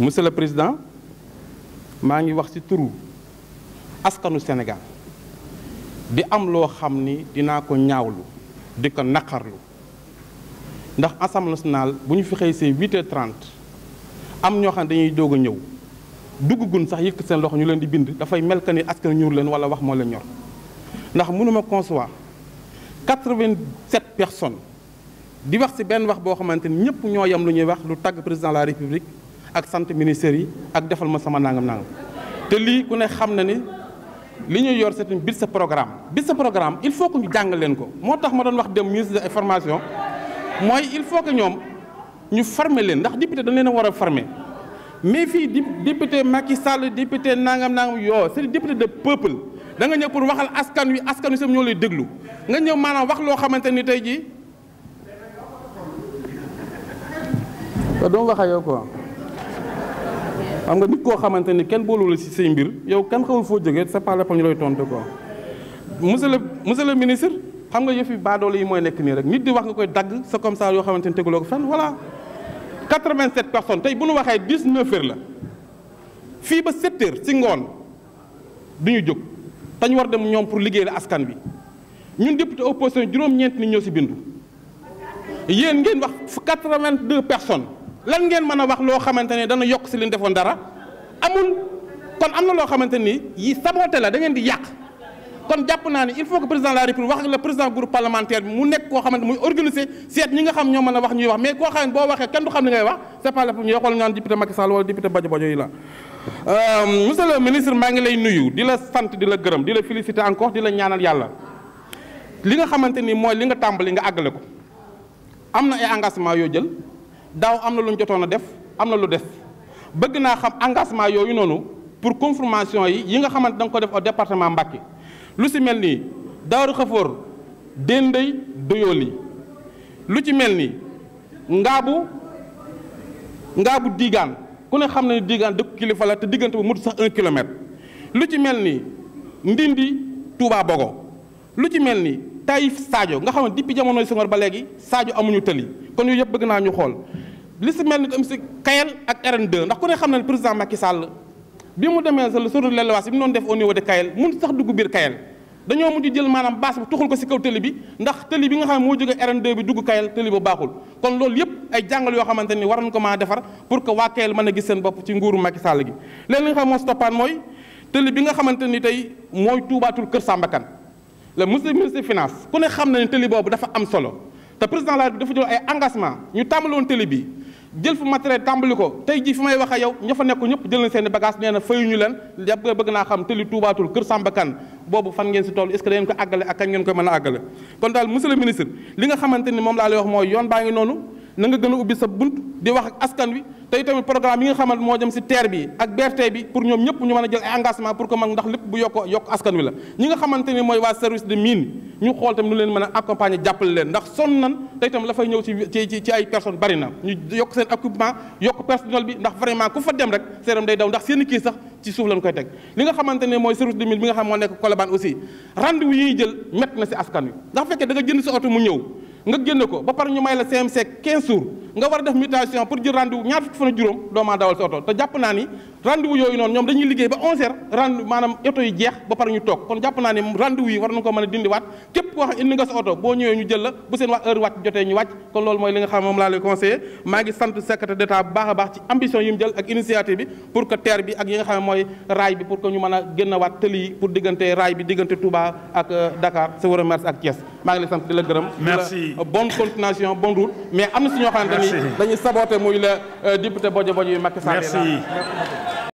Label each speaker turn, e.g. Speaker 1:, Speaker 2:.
Speaker 1: monsieur le président maa ngi wax ci turu askanu Sénégal di am loo xam ni dinaa ko ñaawlu di ko naqarlu ndax assemblée nationale bu ñu fi xëy see 8 h am ñoo xam ne dañuy doog a ñëw duggugun sax yëkk seen loxo ñu leen di bind dafay mel que ni askan ñuur leen wala wax moo leen ñor ndax mënuma concevoir 87 personnes di wax ci benn wax boo xamante ni ñëpp ñoo yam lu ñuy wax lu tàgg président la république. ak sant ministère yi ak defal ma sama nangam nangam te lii ku ne xam na ni li ñuy yor set une bit sa programme bit sa programme il faut que ñu jàng leen ko moo tax ma doon wax dem ministre de formation mooy il faut que ñoom ñu former leen ndax député dañ leen a war a former mais fii député Macky Sall député nangam nangam yoo c'est député de peuple da ñëw pour waxal askan wi askan wi sam ñoo lay déglu nga ñëw maanaam wax loo xamante ni tey jii. doo wax ak yow xam nga nit koo xamante ni kenn boolu la ci say mbir yow kenn xawul foo jógee sa pas la ñu lay tontu quoi. monsieur le monsieur le ministre xam nga yëf yi baadoolo yi mooy nekk nii rek nit di wax nga koy dagg sa comme ça yoo xamante ni teguloo ko fenn voilà. 87 personnes tey bu nu waxee 19 heures la fii ba 7 heures ci ngoon du ñu jóg te ñu war dem ñoom pour liggéeyal askan bi ñun dépp député opposition juróom-ñeent ni ñoo si bindu yéen ngeen wax 82 personnes. lan ngeen mën a wax loo xamante ne dana yokk si li ñu defoon dara amul kon am na loo xamante ni yi saboté la da ngeen di yàq kon jàpp naa ne il faut que président de la république wax ak le président groupe parlementaire bi mu nekk koo xamante muy organiser seet ñi nga xam ñoo mën a wax ñuy wax mais koo xam ne boo waxee kenn du xam li ngay wax c'est pas ñu wax wala ñu naan député Macky Sall wala député yi la euh, monsieur ministre maa ngi lay nuyu di la sant di la gërëm di la féliciter encore di la ñaanal yàlla li nga xamante ni mooy li nga tàmbali nga àggale ko am na ay engagement yoo jël daaw am na lu ñu jotoon a def am na lu des bëgg naa xam engagement yooyu noonu pour confirmation yi yi nga xamante da nga ko def au département Mbacké lu ci mel ni Daaru Xafoor Dendey Doyooli lu ci mel ni Ngaabu Ngaabu Digaan ku ne xam na ne Digaan dëkk kilifa la te diggante bu mut sax un kilomètre lu ci mel ni Ndindi Touba Bogo lu ci mel ni Taïf Sadio nga xam ne depuis jamonoy Senghor ba léegi Sadio amuñu tëli kon yooyu yëpp bëgg naa ñu xool li si mel ni am si Kayel ak RN2 ndax ku ne xam na ne président Macky Sall bi mu demee sa sur l'élevage bi mu doon def au niveau de Kayel mun sax dugg biir Kayel dañoo mujj jël maanaam baas bi tuxul ko si kaw tëli bi ndax tëli bi nga xam ne moo RN2 bi dugg Kayel tëli loolu yëpp ay yoo xamante ni war nañ ko maa defar pour que waa Kayel mën a gis seen bopp ci nguuru Macky Sall gi léegi li nga xam moo si toppaan mooy tëli bi nga xamante ni tey mooy tuubaatul kër Sambakan le monsieur ministre finance ku ne xam na ne tëli boobu dafa am solo te président la engagement ñu tàmbaloon bi jël fu matériel tàmbali ko tey jii fi may wax ak yow ña fa nekk ñëpp jël na seen i bagage fayuñu leen yàpp bëgg naa xam te li tuubaatul kër Samba Kane boobu fan ngeen si tool est-ce que ko àggale ak kañ ngeen koy mën a àggale kon daal monsieur ministre li nga xamante ni moom laa lay wax mooy yoon baa ngi noonu nanga nga gën ubbi sa bunt di wax ak askan wi tey tamit programme yi nga xamante moo jëm si TER bi ak BRT bi pour ñoom ñëpp ñu mën a jël ay engagement pour que mag ndax lépp bu yokk yokk askan wi la ñi nga xamante ni mooy waa service de mine ñu xool tamit nu leen mën a accompagner jàppale leen ndax sonn na yokk seen équipement yokk personnel bi ndax vraiment ku fa dem rek seeram day daw ndax seen sax ci suuf lañ koy teg li nga xamante ne mooy service de nga xam moo nekk Colobane aussi rendez-vous yi jël mett na si askan wi ndax fekkee da nga jënd sa oto mu ñëw nga génn ko ba pare ñu may la CMC 15 jours nga war a def mutation pour jël rendez-vous ñaar fukki fan juróom doomaa dawal sa oto te jàpp naa ni rendez-vous yooyu noonu ñoom dañuy liggéey ba 11 heures rendez maanaam oto yi jeex ba pare naa ni rendez war nañu ko mën a dindiwaat képp koo xam indi nga sa oto boo ñëwee ñu jël la bu seen wax heure wàcc jotee ñu wàcc kon loolu mooy li nga xam moom laa lay conseillé maa ngi sant secrétaire d'État bu baax a baax ci ambition yi jël ak initiative bi pour que terre bi ak yi nga xam ne mooy raay bi pour que ñu mën a génnawaat tëli yi pour diggante raay bi diggante Touba ak euh, Dakar sa a ak maa ngi lay sant di la gërëm. merci bonne continuation bonne route. mais am na si ñoo xamante ni dañuy saboté muy la euh, député bojo bojo yu Macky Sall. merci.